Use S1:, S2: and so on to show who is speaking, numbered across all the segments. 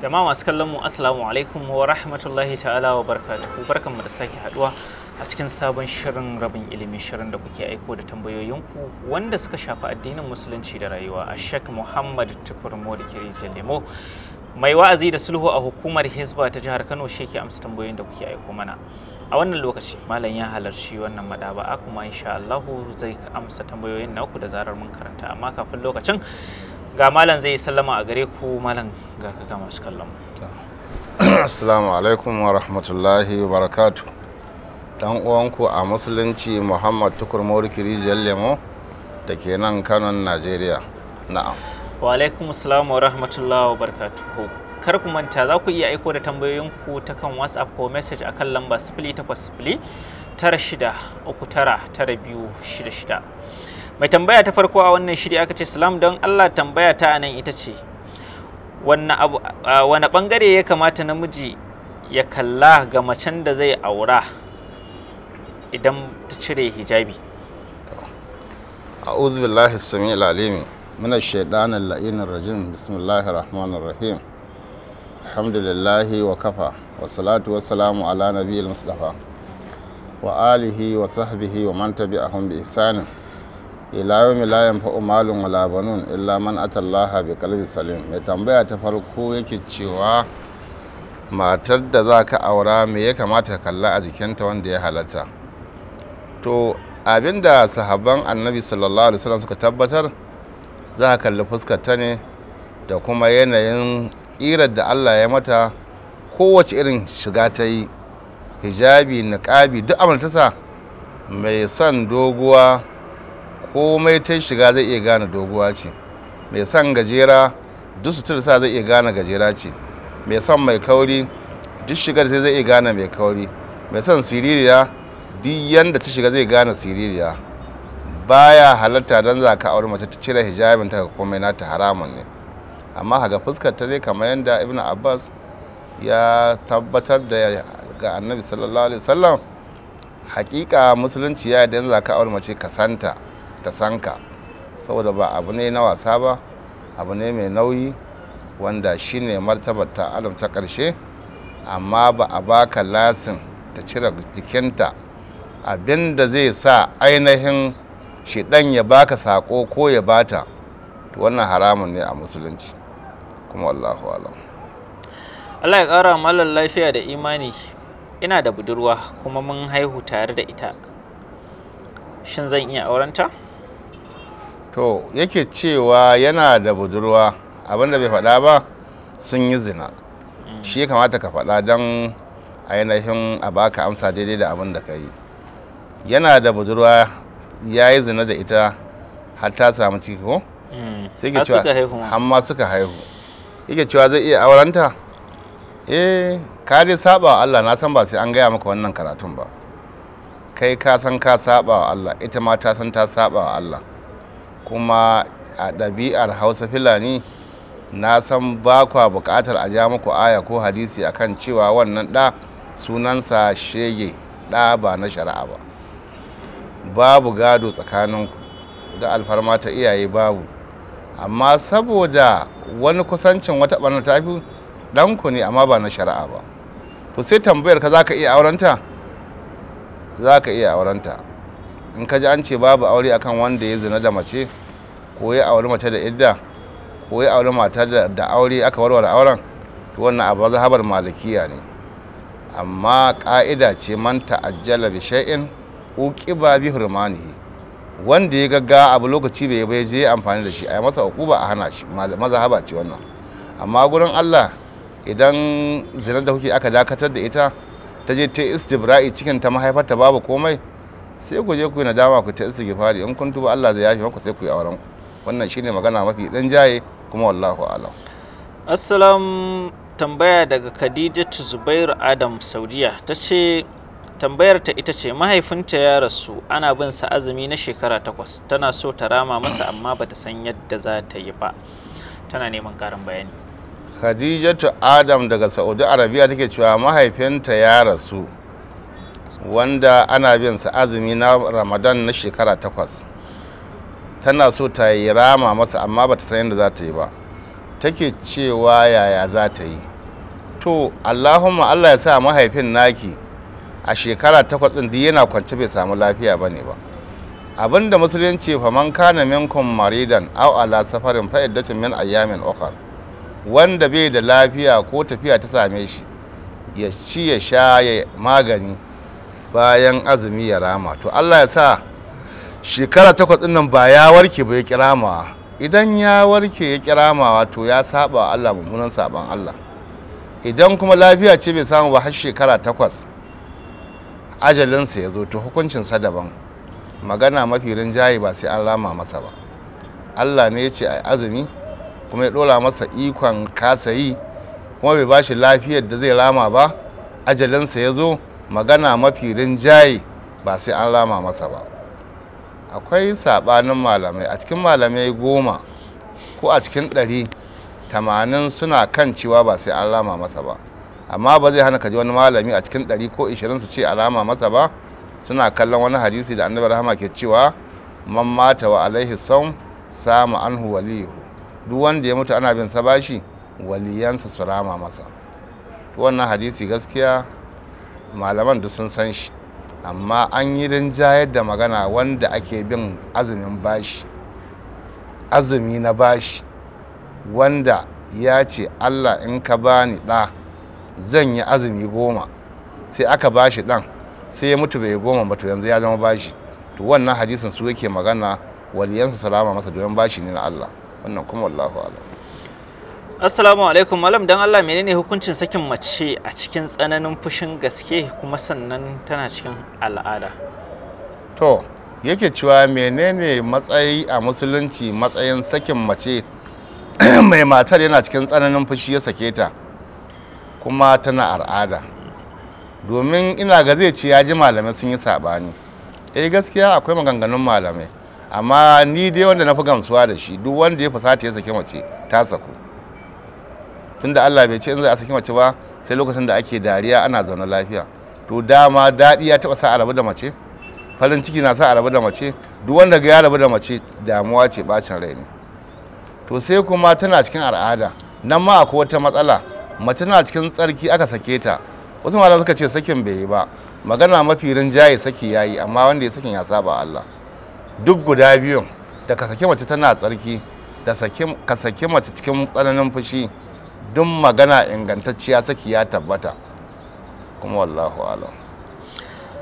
S1: jama'a
S2: masu kallon mu assalamu alaikum wa rahmatullahi ta'ala wa barkan barkanmu da sake haduwa a cikin sabon shirin rabin ilimi shirin da kuke aiko da tambayoyinku wanda suka shafi addinin musulunci da rayuwa a shek muhammad tukur da lemo mai wa'azi da sulhu a hukumar hizba ta jihar kano shi ke amsa tambayoyin da kuke aiko mana a wannan lokaci malam ya halarci wannan madaba'a kuma insha allahu zai amsa tambayoyin naku da zarar mun karanta amma kafin lokacin ga malam zai sallama a gare ku malam ga ka ga masu kallon
S3: assalamu alaikum wa rahmatullahi wa barakatu dan uwanku a musulunci muhammad tukur morikiri lemo da ke nan kanon najeriya na'am
S2: wa alaikum assalam wa rahmatullahi wa barakatuhu kar ku manta za ku iya aiko da tambayoyinku ta kan whatsapp ko message akan lamba 0809 tara shida uku tara tara biyu shida shida mai tambaya ta farko a wannan shiri aka ce salam don allah tambaya ta nan ita ce wane bangare ya kamata namiji ya kalla ga macen da zai aura idan ta cire hijabi
S3: a'udhu billahi samil alim min ash-shaytan al bismillahir rahmanir rahim alhamdulillahi wa kafa wa salatu wa salamu ala nabiyil mustafa wa alihi wa sahbihi wa man tabi'ahum bi ihsanin ila yawmi la yanfa'u illa man atallaha bi kalbi salim mai tambaya ta farko yake cewa matar da za ka aura mai ya kamata kalla a jikinta wanda ya halatta to abinda sahabban annabi sallallahu alaihi wasallam suka tabbatar za ka kalli fuskarta ne da kuma yanayin tsirar da Allah ya mata kowace irin shiga ta yi hijabi niƙabi duk abin ta sa mai son doguwa komai ta shiga zai iya gane doguwa ce mai son gajera duk su sa zai iya gane gajera ce mai son mai kauri duk shigar sai zai iya gane mai kauri mai son siririya duk yanda ta shiga zai gane siririya baya halatta don za ka aure mace ta cire hijabin ta komai ta haramun ne amma haga fuskar ta zai kamar yadda ibn abbas ya tabbatar da ga annabi sallallahu alaihi wasallam hakika musulunci ya yi yadda za ka aure mace ka santa ta san ka saboda ba abu ne na wasa ba abu ne mai nauyi wanda shi ne martabar ta alam ta ƙarshe amma ba a baka lasin ta cire jikinta abin da zai sa ainihin shi shiɗan ya baka sako ko ya bata wannan haramun ne a musulunci kuma Allahu alam
S2: Allah ya ƙara malar lafiya da imani ina da budurwa kuma mun haihu tare da ita shin zan iya aurenta?
S3: to yake cewa yana da budurwa abinda bai faɗa ba sun yi zina mm. shi ya kamata ka faɗa don ainihin a baka amsa daidai da abin da ka yi yana da budurwa ya yi zina da ita har ta samu ciki ko mm. sai ke cewa amma suka haihu yake cewa zai iya aurenta eh ka dai saba wa Allah na san ba sai an gaya maka wannan karatun ba kai ka san ka saba wa Allah ita ma ta san ta saba wa Allah kuma a ɗabi'ar hausa fulani na san ba kwa buƙatar a ja muku aya ko hadisi akan cewa wannan ɗa sunansa shege ɗa ba na shari'a ba babu gado tsakaninku da alfarma ta iyaye babu amma saboda wani kusancin wata ɓarnar tafi ɗanku ne amma ba na shari'a ba ku sai tambayar ka za ka iya aurenta za ka iya aurenta in ka ji an ce babu aure akan wanda ya zina da mace ko ya aure mace da idda ko ya aure mata da aure aka warware auren to wannan abu zahabar malikiya ne amma ƙa'ida ce man ta'ajjala bi shay'in uqiba bi hurmanihi wanda ya gagga abu lokaci bai bai je amfani da shi a yi masa uquba a hana shi haba ce wannan amma gurin Allah idan zinar da kuke aka dakatar da ita ta je ta istibra'i cikin ta mahaifarta babu komai sai ku je ku yi nadama ku ta istighfari in kun tuba Allah zai yafe maku sai ku yi auren ku wannan shine magana mafi dan jaye kuma wallahu a'lam assalam
S2: tambaya daga Khadijatu Zubairu Adam Saudiya ta ce tambayar ta ita ce mahaifinta ya rasu ana bin sa azumi na shekara takwas tana so ta rama masa amma bata san yadda za ta yi ba tana neman karin bayani
S3: Khadijatu Adam daga Saudi Arabia take cewa mahaifinta ya rasu wanda ana bin sa azumi na ramadan na shekara takwas tana so ta yi rama masa amma ba ta san yadda za ta yi ba take cewa yaya za ta yi to allahumma allah ya sa mahaifin naki a shekara takwas ɗin duk yana kwance bai samu lafiya ba ne ba abinda musulunci fa man kana minkum maridan aw ala safarin fa iddatun min ayyamin ukhar wanda bai da lafiya ko tafiya ta same shi ya ci ya sha ya magani bayan azumi ya rama to Allah ya sa shekara takwas ɗin nan ba ya warke ba ya kirama idan ya warke ya kirama to ya saba Allah mummunan saban Allah idan kuma lafiya ce bai samu ba har shekara takwas ajalinsa ya zo to hukuncinsa daban magana mafi rinjaye ba sai an rama masa ba Allah ne ya ce a azumi kuma ya ɗora masa ikon kasa yi kuma bai ba shi lafiyar da zai rama ba ajalinsa ya zo magana mafi rinjaye ba sai an rama masa ba akwai saɓanin malamai a cikin malamai goma ko a cikin ɗari tamanin suna kan cewa ba sai an rama masa ba amma ba zai hana ka ji wani malami a cikin ɗari ko ishirin su ce alama masa ba suna kallon wani hadisi da annabi rahama ke cewa man mata wa alaihi samu an waliyu duk wanda ya mutu ana bin sa bashi waliyansa su rama masa wannan hadisi gaskiya malaman duk sun san shi amma an yi rinjayar da magana wanda ake bin azumin bashi azumi na bashi wanda ya ce allah in ka bani ɗa zan yi azumi goma sai aka bashi ɗan sai ya mutu bai goma ba to yanzu ya zama bashi to wannan hadisin su yake magana waliyansa salama masa domin bashi ne na allah wannan kuma wallahu alam
S2: Assalamu alaikum malam dan Allah menene hukuncin sakin mace a cikin tsananin fushin gaske kuma sannan tana cikin al'ada.
S3: To, yake cewa menene matsayi a musulunci matsayin sakin mace mai matar yana cikin tsananin fushi ya sake ta kuma tana al'ada. Domin ina ga zai ce ya ji malamai sun yi saɓani. Eh gaskiya akwai maganganun malamai. Amma ni dai wanda na fi gamsuwa da shi duk wanda ya fusata ya sake mace ta saku. tunda Allah bai ce in za a saki mace ba sai lokacin da ake dariya ana zaune lafiya to dama daɗi ya taɓa sa a rabu da mace farin ciki na sa a rabu da mace duk wanda ga ya rabu da mace damuwa ce bacin rai ne to sai kuma tana cikin al'ada nan ma akwai wata matsala mace na cikin tsarki aka sake ta wasu malam suka ce sakin bai yi ba magana mafi rinjaye saki ya yi amma wanda ya sakin ya saba Allah duk guda biyun da ka sake mace tana tsarki da ka sake mace cikin tsananin fushi duk magana ingantacciya saki ya tabbata kuma wallahu alam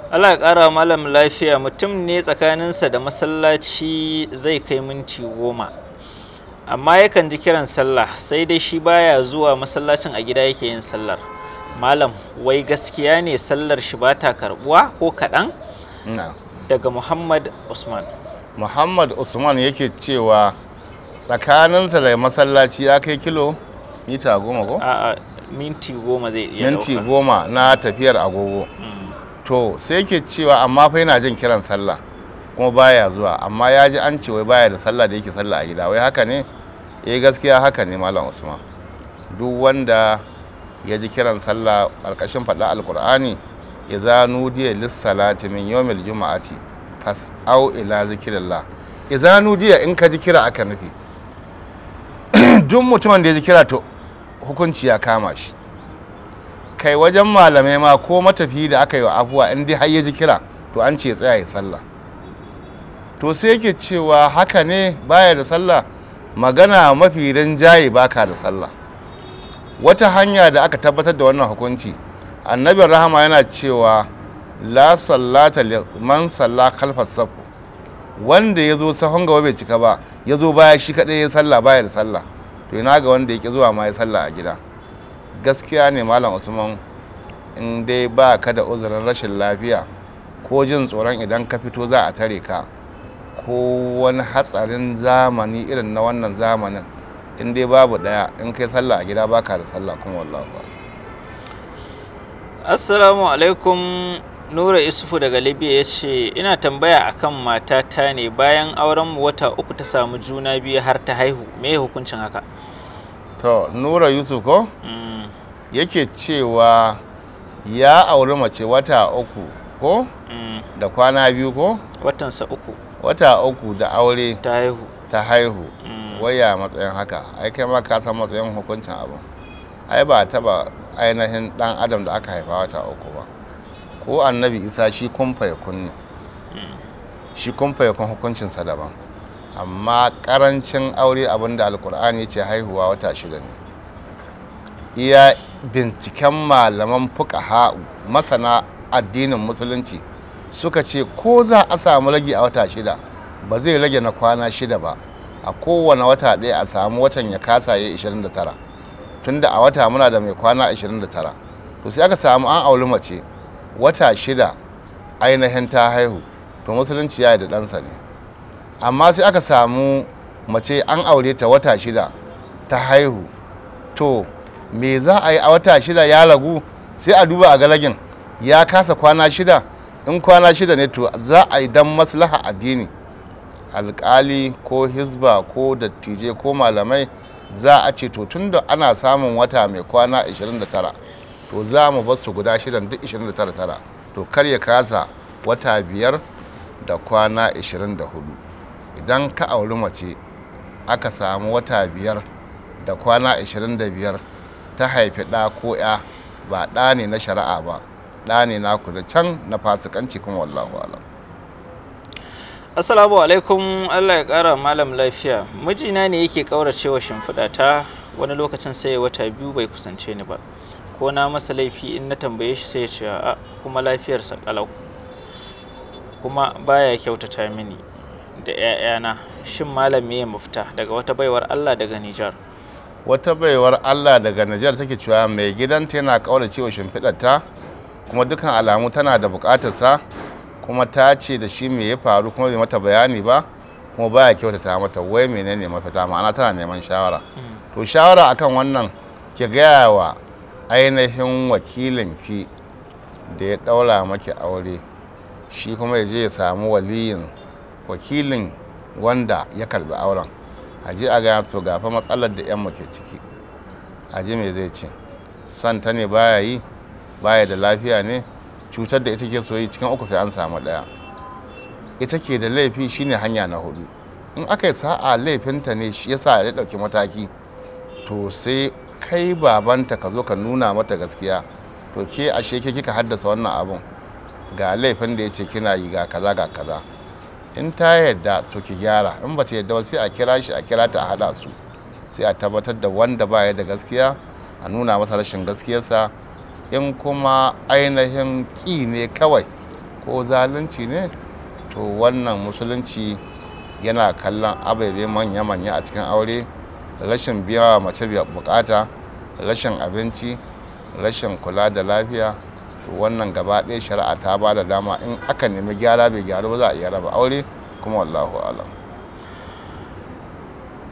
S2: Allah ya ƙara malam lafiya mutum ne tsakaninsa da masallaci zai kai minti goma amma yakan ji kiran sallah sai dai shi baya zuwa masallacin a gida yake yin sallar malam wai gaskiya ne sallar shi ba ta karbuwa ko kaɗan daga muhammad usman
S3: muhammad usman yake cewa tsakaninsa da masallaci ya kai kilo mita goma ko? a minti goma zai iya minti goma na tafiyar agogo mm. to sai yake cewa amma fa yana jin kiran sallah kuma baya zuwa amma ya ji an ce wai baya da sallah da yake sallah a gida wai haka ne eh gaskiya haka ne malam usman duk wanda ya ji kiran sallah ƙarƙashin faɗa alƙur'ani ya za nudiya lissalati min yawmil juma'ati au ila zikirillah ya za nudiya in ka ji kira aka nufi duk mutumin da ya ji kira to hukunci ya kama shi kai wajen malamai ma ko matafi da aka yi wa abuwa in dai har ya ji kira to an ce tsaya ya sallah to sai yake cewa haka ne baya da sallah magana mafi jaye baka da sallah wata hanya da aka tabbatar da wannan hukunci Annabi rahama yana cewa la sallata man salla khalfas safu wanda ya zo sahun gaba bai cika ba ya zo baya shi kadai ya sallah baya da sallah to ina ga wanda yake zuwa ma ya sallah a gida gaskiya ne malam usman in dai ba ka da uzurin rashin lafiya ko jin tsoron idan ka fito za a tare ka ko wani hatsarin zamani irin na wannan zamanin in dai babu daya in kai sallah a gida ba ka da sallah kuma wallahu
S2: assalamu alaikum Nura Isufu daga Libya ya ce, Ina tambaya a kan matata ne bayan aurenmu wata uku ta samu juna biyu har ta haihu, me hukuncin haka?
S3: To, Nura Yusuf ko? Mm. Yake cewa ya auri mace wata uku ko? Mm. Da kwana biyu ko? Watansa uku. Wata uku da aure. Ta haihu. Ta haihu. Mm. Waya matsayin haka, ai kai ma ka san matsayin hukuncin abin. Ai ba taba ainihin dan adam da aka haifa wata uku ba. ko annabi isa shi kun fayakun kunne shi kun hukuncinsa daban amma karancin aure abinda alkur'ani ce haihuwa wata shida ne iya binciken malaman fuka masana addinin musulunci suka ce ko za a samu rage a wata shida ba zai rage na kwana shida ba a kowane wata ɗaya a samu watan ya kasa ya 29 tunda a wata muna da mai kwana 29 to sai aka samu an auri mace wata shida ainihin ta haihu to musulunci ya yi da ɗansa ne amma sai aka samu mace an aure ta wata shida ta haihu to me za a yi a wata shida ya ragu sai a duba a galagin ya kasa kwana shida in kwana shida ne to za a yi don maslaha addini alkali ko Hisba ko dattijai ko malamai za a ce to tunda ana samun wata mai kwana 29 to za mu bar su guda shidan duk 29 to kar ya kasa wata biyar da kwana 24 idan ka auri mace aka samu wata biyar da kwana 25 ta haifi ɗa ko ya ba ɗa ne na shari'a ba ɗa ne na da can na fasikanci kuma wallahu alam
S2: Assalamu alaikum Allah ya ƙara malam lafiya mijina ne yake ƙauracewa shimfiɗa ta wani lokacin sai wata biyu bai kusance ni ba ko na masa laifi in na tambaye shi sai ya ce a kuma lafiyarsa ƙalau kuma baya kyautata mini da na shin malam ya mafita daga wata baiwar Allah daga Nijar
S3: wata baiwar Allah daga Nijar take cewa mai gidanta yana kaura cewa ta kuma dukan alamu tana da sa kuma ta ce da shi me ya faru kuma bai mata bayani ba kuma baya kyautata mata wai menene mafita ma'ana tana neman shawara mm. to shawara akan wannan ki gaya wa ainihin wakilinki da ya ɗaura maki aure shi kuma ya je ya samu waliyin wakilin wanda ya karbi auren a ji a gaya su gafa matsalar da yan ke ciki a ji me zai ce son ta ne baya yi baya da lafiya ne cutar da ita ke soyi cikin uku sai an samu ɗaya ita ke da laifi shine hanya na hudu in aka yi sa'a laifinta ne shi sa ya ɗauki mataki to sai kai babanta ka zo ka nuna mata gaskiya to ke ashe ke kika haddasa wannan abun ga laifin da ya ce kina yi ga kaza ga kaza in ta yadda to ki gyara in ba ta yadda ba sai a kira shi a kira ta a haɗa su sai a tabbatar da wanda ba ya da gaskiya a nuna masa rashin gaskiyarsa in kuma ainihin ƙi ne kawai ko zalunci ne to wannan musulunci yana kallon ababe manya-manya a cikin aure rashin biya mace bukata rashin abinci rashin kula da lafiya to wannan gaba ɗaya shari'a ta ba da dama in aka nemi gyara bai gyaru ba za a iya raba aure kuma wallahu alam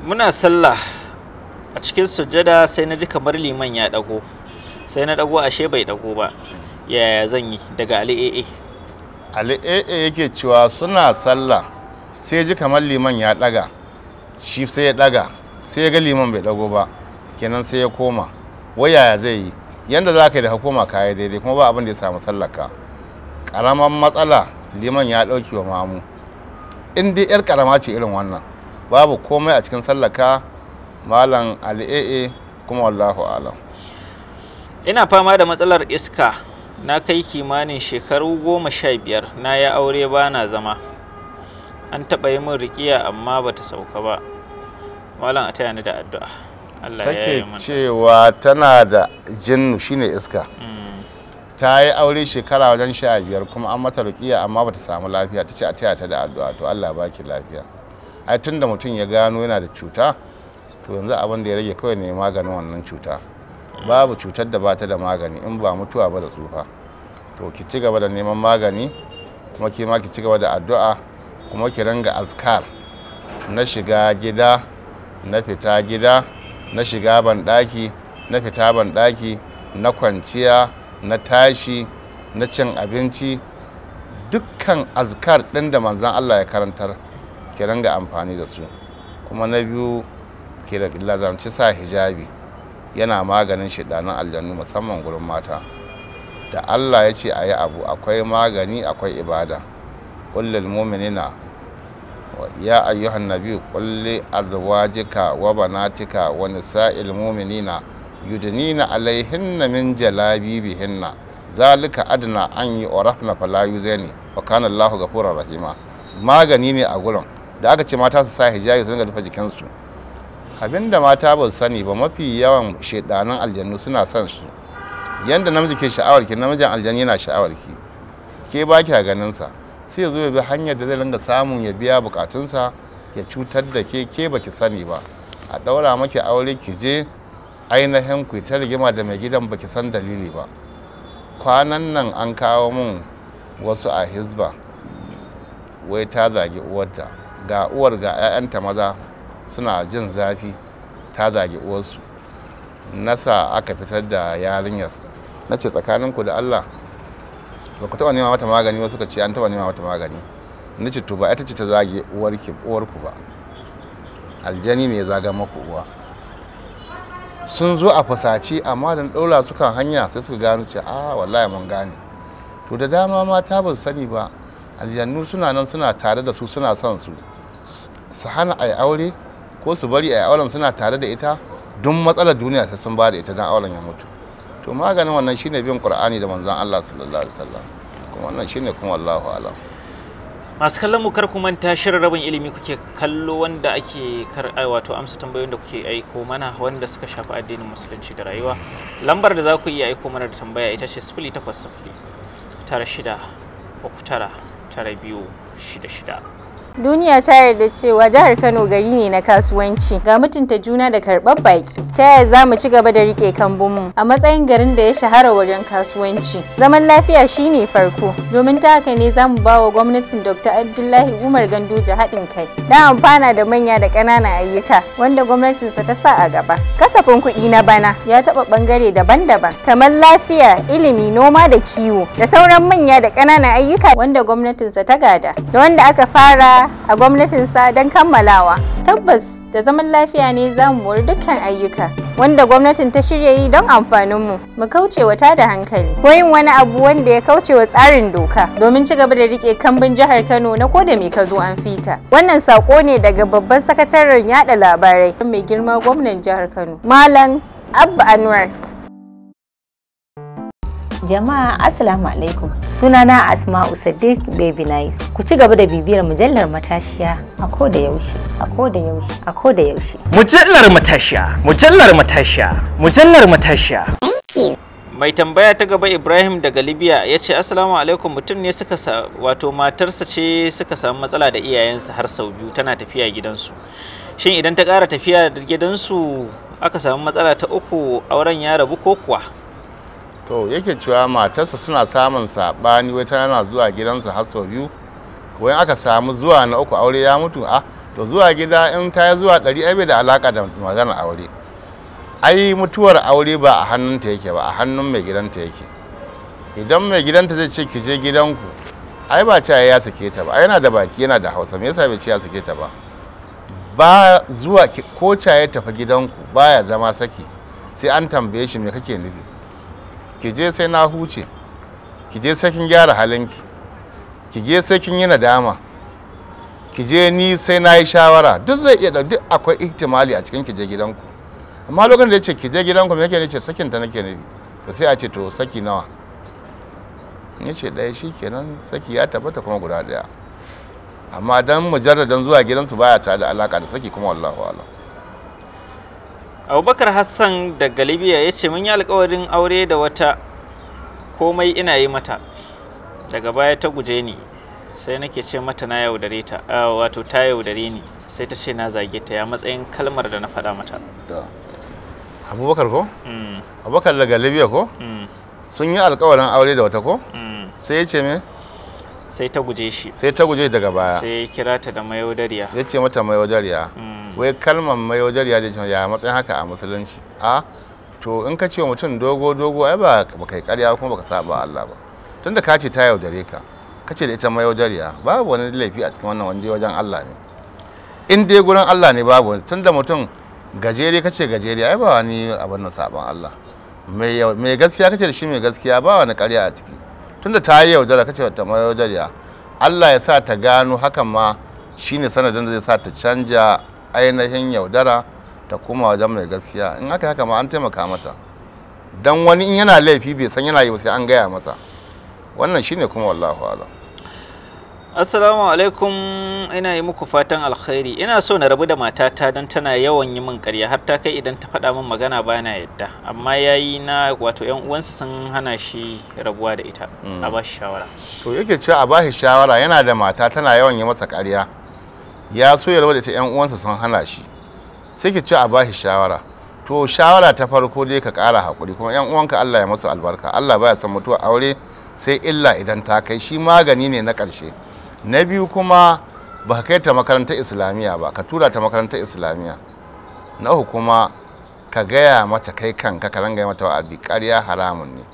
S2: muna sallah a cikin sujjada sai na ji kamar liman ya dago sai na dago ashe bai dago ba yaya zan yi daga ali
S3: ali'a'a yake cewa suna sallah sai ji kamar liman ya daga shi sai ya daga sai ya ga liman bai dago ba kenan sai ya koma wayaya zai yi yadda za ka yi da ka koma kaya daidai kuma ba abin da ya samu sallaka ƙaramar matsala liman ya ɗauki wa mamu in dai yar ƙarama ce irin wannan babu komai a cikin sallaka malam al'e'e kuma wallahu alam
S2: ina fama da matsalar iska na kai kimanin shekaru goma sha biyar na ya aure ba na zama an taɓa yi min rikiya amma bata sauka ba malam a taya ni da addu'a Allah ya yi mana
S3: cewa tana da jinnu shine iska mm. ta yi aure shekara wajen sha biyar kuma an mata rukiya amma bata samu lafiya ta ce a taya ta da addu'a to Allah baki lafiya ai tun da mutum ya gano yana da cuta to yanzu abin da ya rage kawai ne maganin wannan cuta babu cutar da bata da magani in ba mutuwa ba da tsufa to ki ci gaba da neman magani kuma ki ma ki ci gaba da addu'a kuma ki ringa azkar na shiga gida na fita gida na shiga banɗaki na fita banɗaki na kwanciya na tashi na cin abinci dukkan azkar ɗin da manzan Allah ya karantar ki ga amfani da su kuma na biyu ke da lazamci sa hijabi yana maganin shidanin aljannu musamman gurin mata da Allah ya ce a yi abu akwai magani akwai ibada ƙullil muminina Ya ayyuhan na biyu, ƙulli alwajika, wabanatika, wani sa'ilmominina, yudinina, alayhin na minjala, bibihin na, za liƙa adana anyi o, rahoton na falayin zainab, waƙanallahu gafura rahima. Magani ne a gurin. Da aka ce mata su sa hijayen suna ga dafa jikinsu. Abinda mata basu sani ba, mafi yawan shaiɗanan aljanu suna san su. Yadda namiji ke sha'awarki, namijin aljanu yana sha'awarki. Ke baki a ganinsa. sai ya zo ya bi hanyar da zai ringa samun ya biya bukatunsa ya cutar da ke ke baki sani ba a ɗaura maki aure ki je ainihin ku ta rigima da mai gidan baki san dalili ba kwanan nan an kawo mun wasu a hizba wai ta zagi uwarta ga uwar ga 'ya'yanta maza suna jin zafi ta zagi uwarsu nasa aka fitar da yarinyar na ce tsakaninku da allah ba ku taɓa nema mata magani ba suka ce an taɓa nema mata magani na ce to ba ita ce ta zage uwarku ba aljani ne ya zaga maku uwa sun zo a fasaci amma da daura su kan hanya sai suka gano ce a wallahi mun gane to da dama mata ba su sani ba aljannu suna nan suna tare da su suna son su su hana a aure ko su bari a auren suna tare da ita duk matsalar duniya sai sun ba da ita don auren ya mutu to maganin wannan shine bin qur'ani da manzon Allah sallallahu alaihi wasallam kuma wannan shine kuma wallahu alam
S2: masu kallon mu kar ku manta shirin rabin ilimi kuke kallo wanda ake kar wato amsa tambayoyin da kuke aiko mana wanda suka shafi addinin musulunci da rayuwa lambar da za ku iya aiko mana da tambaya ita ce 0800 tara shida uku tara tara biyu shida shida
S1: Duniya ta yarda cewa jihar Kano gari ne na kasuwanci ga mutunta juna da karɓar baki. Ta yaya za mu ci gaba da riƙe kambunmu a matsayin garin da ya shahara wajen kasuwanci. Zaman lafiya shine farko domin ta haka ne za mu ba wa gwamnatin Dr. Abdullahi Umar Gandoja haɗin kai. Na amfana da manya da ƙananan ayyuka wanda gwamnatinsa ta sa a gaba. Kasafin kuɗi na bana ya taɓa ɓangare daban-daban kamar lafiya, ilimi, noma da kiwo da sauran manya da ƙananan ayyuka wanda gwamnatinsa ta gada da wanda aka fara a a gwamnatinsa don kammalawa. Tabbas da zaman lafiya ne za mu wari dukkan ayyuka wanda gwamnatin ta shirya yi don amfaninmu mu kauce wa tada hankali ko yin wani abu wanda ya kauce wa tsarin doka domin ci gaba da rike kambin jihar Kano na koda mai ka zo an fika. Wannan sako ne daga babban sakataren yada labarai mai girma gwamnan jihar Kano Malam Abba Anwar. Jama'a Assalamu alaikum. Sunana Asma'u Sadiq Baby Nice. Ku ci gaba da bibiyar mujallar matashiya a ko da yaushe, a da yaushe, a da yaushe.
S2: Mujallar matashiya, mujallar matashiya, mujallar matashiya. mai tambaya ta gaba ibrahim daga libya ya ce assalamu alaikum mutum ne suka sa wato matarsa ce suka samu matsala da iyayensa har sau biyu tana tafiya gidansu shin idan ta ƙara tafiya da gidansu aka samu matsala ta uku auren ya rabu ko kuwa
S3: to yake cewa matarsa suna samun saɓani wata yana zuwa gidansa har sau biyu wai aka samu zuwa na uku aure ya mutu a ah, to zuwa gida in ta yi zuwa ɗari ai da alaƙa da magana aure ai mutuwar aure ba a hannunta yake ba a hannun mai gidanta yake idan mai gidanta zai ce ki je gidanku ai ba ce ya sake ta ba yana da baki yana da hausa me yasa bai ce ya sake ta ba ba zuwa ko ya tafi gidanku baya zama saki sai an tambaye shi me kake nufi ki je sai na huce ki je sai kin gyara halinki ki je sai kin yi nadama ki je ni sai na yi shawara duk zai iya duk akwai ihtimali a cikin ki je gidanku amma lokacin da ya ce ki je gidanku me yake ne ce sakin ta nake nufi to sai a ce to saki nawa ya ce ɗaya shi kenan saki ya tabbata kuma guda ɗaya amma dan mujarradan zuwa gidansu baya tare da alaka da saki kuma wallahu alam
S2: abubakar hassan daga libya ya ce mun yi alkawarin aure da wata komai ina yi mata daga baya ta guje ni sai nake ce mata na yaudare ta wato ta yaudare ni sai ta ce na zage ta ya matsayin kalmar da na faɗa mata
S3: abubakar ko mm. abubakar daga libya ko mm. sun yi alkawarin aure da wata ko mm. sai ya ce me sai ta guje shi sai ta guje daga baya sai
S2: ya kira ta da mayaudariya
S3: ya ce mata mayaudariya mm. wai kalmar mayaudariya da ya matsayin haka a musulunci a to in ka ce mutum dogo dogo ai ba kai karya kuma baka saba Allah ba tunda ka ce ta yaudare ka ka ce da ita mayaudariya babu wani laifi a cikin wannan wanda wajen Allah ne in dai gurin Allah ne babu tunda mutum gajere ka ce gajere ai ba wani abin nan saban Allah mai gaskiya ka ce da shi mai gaskiya ba wani karya a ciki tunda ta yi yaudara kace ta mai yaudara Allah ya sa ta gano hakan ma shine sanadin da zai sa ta canja ainihin yaudara ta koma wajen mai gaskiya in aka haka ma an taimaka mata dan wani in yana laifi bai san yana yi ba sai an gaya masa wannan shine kuma wallahu a'lam
S2: Assalamu alaikum ina yi muku fatan alkhairi ina so na rabu da matata don tana yawan yi min karya har ta kai idan ta faɗa min magana ba na yadda amma yayi na wato yan uwansa sun hana shi rabuwa da ita mm. a ba shi shawara
S3: to yake cewa a ba shi shawara yana da mata tana yawan yi masa karya ya so ya rabu da ita yan uwansa sun hana shi sai ke cewa a ba shi shawara to shawara ta farko dai ka ƙara haƙuri kuma yan uwanka Allah ya masu albarka Allah baya son mutuwa aure sai illa idan ta kai shi magani ne na ƙarshe na biyu kuma ba ka kai ta makarantar islamiyya ba ka tura ta makarantar islamiyya na uku kuma ka gaya mata kai kanka ka ranga mata wa'azi ƙarya haramun ne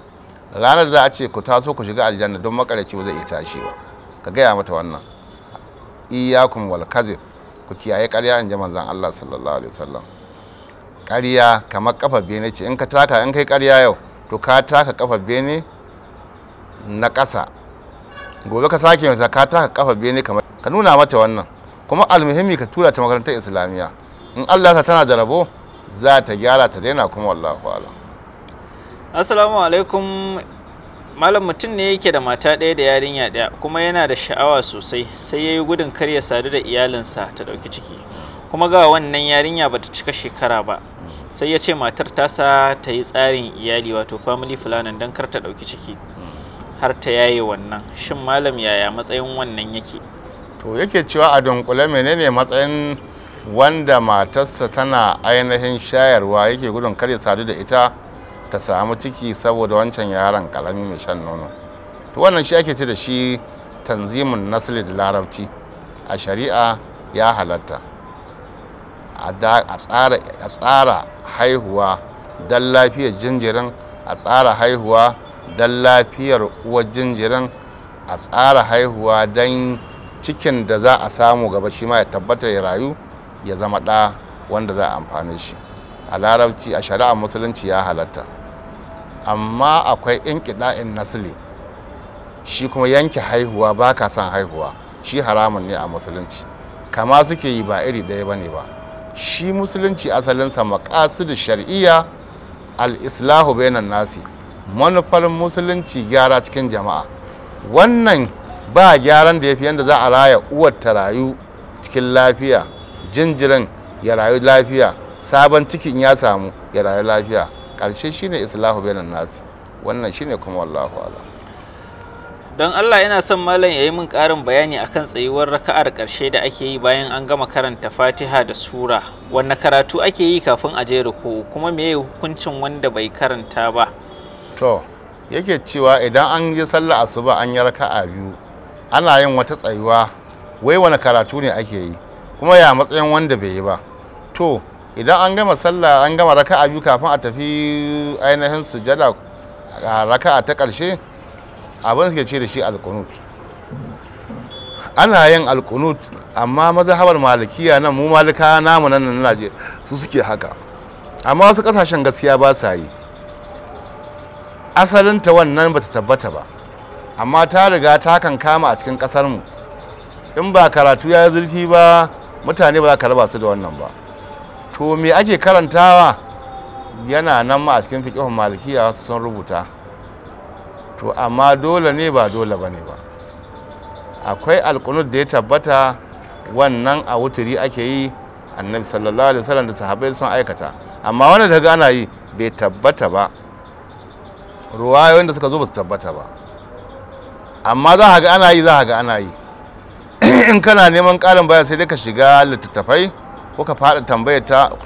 S3: ranar za a ce ku taso ku shiga aljanna don makaraci ba zai iya tashi ba ka gaya mata wannan iyakum wal kazib ku kiyaye ƙarya in ji manzon Allah sallallahu alaihi wasallam ƙarya kamar kafa bene ce in ka taka in kai ƙarya yau to ka taka kafa bene na ƙasa gobe ka sake mata ka taka kafa bene kamar ka nuna mata wannan kuma almuhimmi ka tura ta makarantar islamiyya in Allah ta tana da za ta gyara ta daina kuma wallahu ala
S2: assalamu alaikum malam mutum ne yake da mata ɗaya da yarinya ɗaya kuma yana da sha'awa sosai sai ya yi gudun kar ya sadu da iyalinsa ta ɗauki ciki kuma ga wannan yarinya bata cika shekara ba sai ya ce matar tasa ta yi tsarin iyali wato family planning don kar ta ɗauki ciki har ta yaye wannan shin malam yaya matsayin wannan
S3: yake to yake cewa a dunkule menene matsayin wanda matarsa tana ainihin shayarwa yake gudun kare sadu da ita ta samu ciki saboda wancan yaron karami mai shan nono to wannan shi ake ce da shi tanzimin nasli da larabci a shari'a ya halatta a tsara haihuwa don lafiyar jinjirin a tsara haihuwa don lafiyar uwar jinjirin a tsara haihuwa don cikin da za a samu gaba shi ma ya tabbata ya rayu ya zama ɗa wanda za a amfani shi a larabci a shari'ar musulunci ya halatta amma akwai inkiɗa'in nasili shi kuma yanke haihuwa ba ka son haihuwa shi haramun ne a musulunci kama suke yi ba iri ɗaya ba ne ba shi musulunci asalinsa maƙasidu shari'iyya al-islahu bainan nasi manufar musulunci gyara cikin jama'a wannan ba gyaran da ya fi yadda za a raya uwar ta rayu cikin lafiya jinjirin ya rayu lafiya sabon cikin ya samu ya rayu lafiya ƙarshe shine islahu bainan nasi wannan shine kuma wallahu alam
S2: don Allah yana son malam ya yi min ƙarin bayani akan tsayuwar raka'ar ƙarshe da ake yi bayan an gama karanta fatiha da sura wanne karatu ake yi kafin a je ruku kuma me hukuncin wanda bai karanta ba
S3: to yake cewa idan an yi sallah asuba an yi raka'a biyu ana yin wata tsayuwa wai wani karatu ne ake yi kuma ya matsayin wanda bai yi ba to idan an gama sallah an gama raka'a biyu kafin a tafi ainihin sujada raka'a ta ƙarshe abin suke ce da shi alkunut ana yin alkunut amma mazhabar malikiya nan mu malika namu nan na naje su suke haka amma wasu kasashen gaskiya ba sa yi asalinta wannan ba ta tabbata ba amma ta riga ta kan kama a cikin ƙasarmu in ba karatu ya zurfi ba mutane ba za ka raba su da wannan ba to me ake karantawa yana nan ma a cikin fiƙihun malikiya sun rubuta to amma dole ne ba dole ba ne ba akwai alkunut da ya tabbata wannan a wuturi ake yi annabi sallallahu alaihi wasallam da sahabbai sun aikata amma wanda daga ana yi bai tabbata ba ruwayoyin da suka zo ba su tabbata ba amma za a ga ana yi za a ga ana yi in kana neman ƙarin baya sai dai ka shiga littattafai ko ka faɗa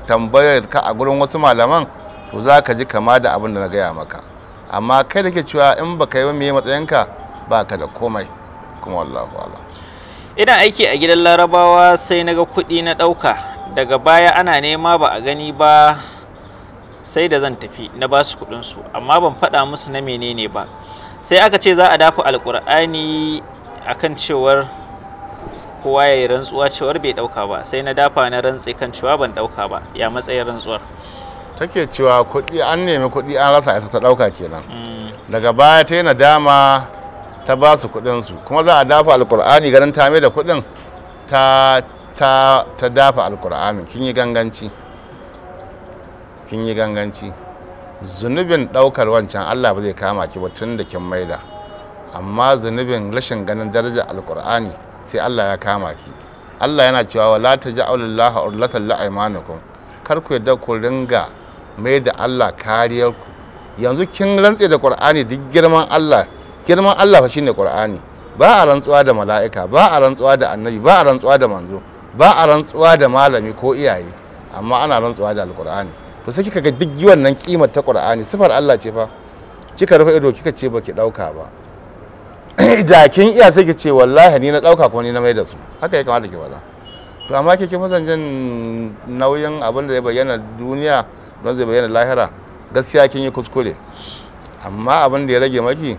S3: tambayar ka a gurin wasu malaman to za ka ji kama da abin da na gaya maka amma kai da ke cewa in ba ka yi mai matsayinka ba ka da komai kuma wallahu ala
S2: ina aiki a gidan larabawa sai na ga kuɗi na ɗauka daga baya ana nema ba a gani ba sai da zan tafi na ba su kuɗin su amma ban faɗa musu na menene ba sai aka ce za a dafa alkur'ani akan cewar kowa ya yi rantsuwa cewar bai ɗauka ba sai na dafa na rantse kan cewa ban ɗauka ba ya matsayin rantsuwar
S3: take cewa kuɗi an nemi kuɗi an rasa ita ta ɗauka kenan mm. daga baya ta yi nadama ta ba su kuɗin su kuma za a dafa alkur'ani ganin ta mai da kuɗin ta ta dafa alkur'ani kin yi ganganci kin yi ganganci zunubin ɗaukar wancan Allah ba zai kama ki ba tun da kin maida amma zunubin rashin ganin daraja alkur'ani sai Allah ya kama ki Allah yana cewa wala taj'alullaha urlatan la'aymanukum kar ku yadda ku ringa mai da Allah kariyar ku yanzu kin rantse da Qur'ani duk girman Allah girman Allah fa shine Qur'ani ba a rantsuwa da mala'ika ba a rantsuwa da annabi ba a rantsuwa da manzo ba a rantsuwa da malami ko iyaye amma ana rantsuwa da alkur'ani to sai kika ga duk wannan kimar ta qur'ani sifar Allah ce fa kika rufe ido kika ce baki dauka ba Jakin iya sai ki ce wallahi ni na dauka ko ni na mai da su haka ya kamata ki faɗa to amma ke kin fasan jin nauyin abin da zai bayyana duniya don zai bayyana lahira gaskiya kin yi kuskure amma abin da ya rage maki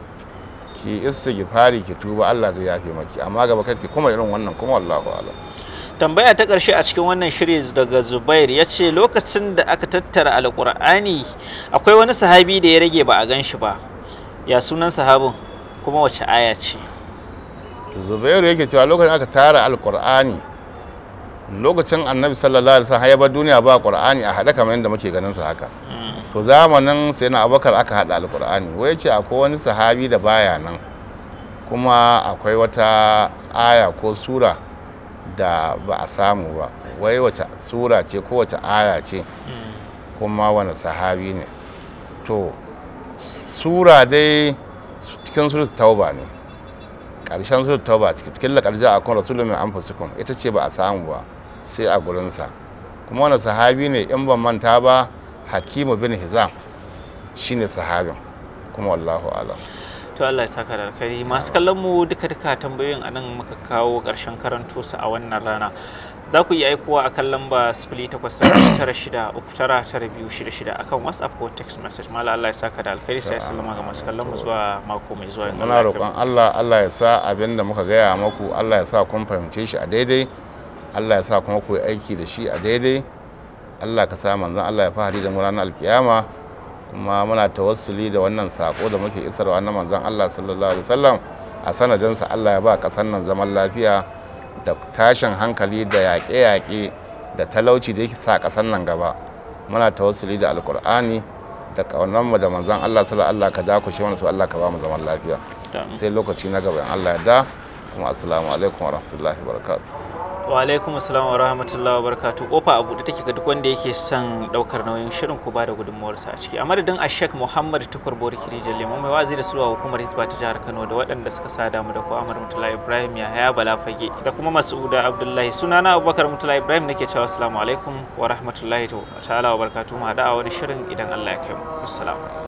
S3: ki isa ki fari ki tuba Allah zai yafe maki amma gaba ki kuma irin wannan kuma wallahi alam
S2: tambaya ta ƙarshe a cikin wannan shirin daga Zubair ya ce lokacin da aka tattara alƙur'ani akwai wani sahabi da ya rage ba a gan shi ba
S3: ya sunan sahabin kuma wace aya ce Zubair yake cewa lokacin aka tara alƙur'ani lokacin annabi sallallahu alaihi wasallam ya bar duniya ba qur'ani a hada kamar yadda muke ganin sa haka to zamanin na abakar aka hada alqur'ani wai ce akwai wani sahabi da baya nan kuma akwai wata aya ko sura da ba a samu ba wai wace sura ce ko wace aya ce kuma wani sahabi ne to sura dai cikin surat tauba ne ƙarshen surat tauba cikin lakarja a kan rasulun mai amfasukum ita ce ba a samu ba sai a gurinsa kuma wani sahabi ne in ban manta ba hakimu bin hizam shine sahabin kuma wallahu alam
S2: to Allah ya saka da alkhairi masu kallon mu duka duka tambayoyin anan muka kawo ƙarshen karanto su a wannan rana za ku iya aikowa a kan lamba a akan WhatsApp ko text message mala Allah ya saka da alkhairi sai sallama ga masu kallon mu zuwa mako mai zuwa muna roƙon
S3: Allah Allah ya sa abin da muka gaya maku Allah ya sa kun fahimce shi a daidai Allah ya sa kuma ku yi aiki da shi a daidai Allah ka sa manzon Allah ya fahari da ranar alkiyama kuma muna tawassuli da wannan sako da muke isarwa na manzon Allah sallallahu alaihi wasallam a sanadinsa Allah ya ba kasan nan zaman lafiya da tashin hankali da yaƙe-yaƙe da talauci da yake sa kasan nan gaba muna tawassuli da alkur'ani da mu da manzon Allah sallallahu alaihi ka da ku shi su Allah ka ba mu zaman lafiya sai lokaci na gaba in Allah ya da kuma assalamu alaikum warahmatullahi wabarakatuh
S2: wa alaikum assalam wa rahmatullahi wa barakatu kofa a buɗe take ga duk wanda yake son ɗaukar nauyin shirin ku bada sa a ciki a madadin ashek muhammad tukur bori kirijin lemo mai wazi da a hukumar hisba ta jihar kano da waɗanda suka sada mu da ku amar mutula ibrahim yahaya bala fage da kuma masuda abdullahi sunana abubakar mutula ibrahim nake cewa assalamu alaikum wa rahmatullahi
S1: ta'ala wa barakatu mu haɗa a wani shirin idan allah ya kai mu assalamu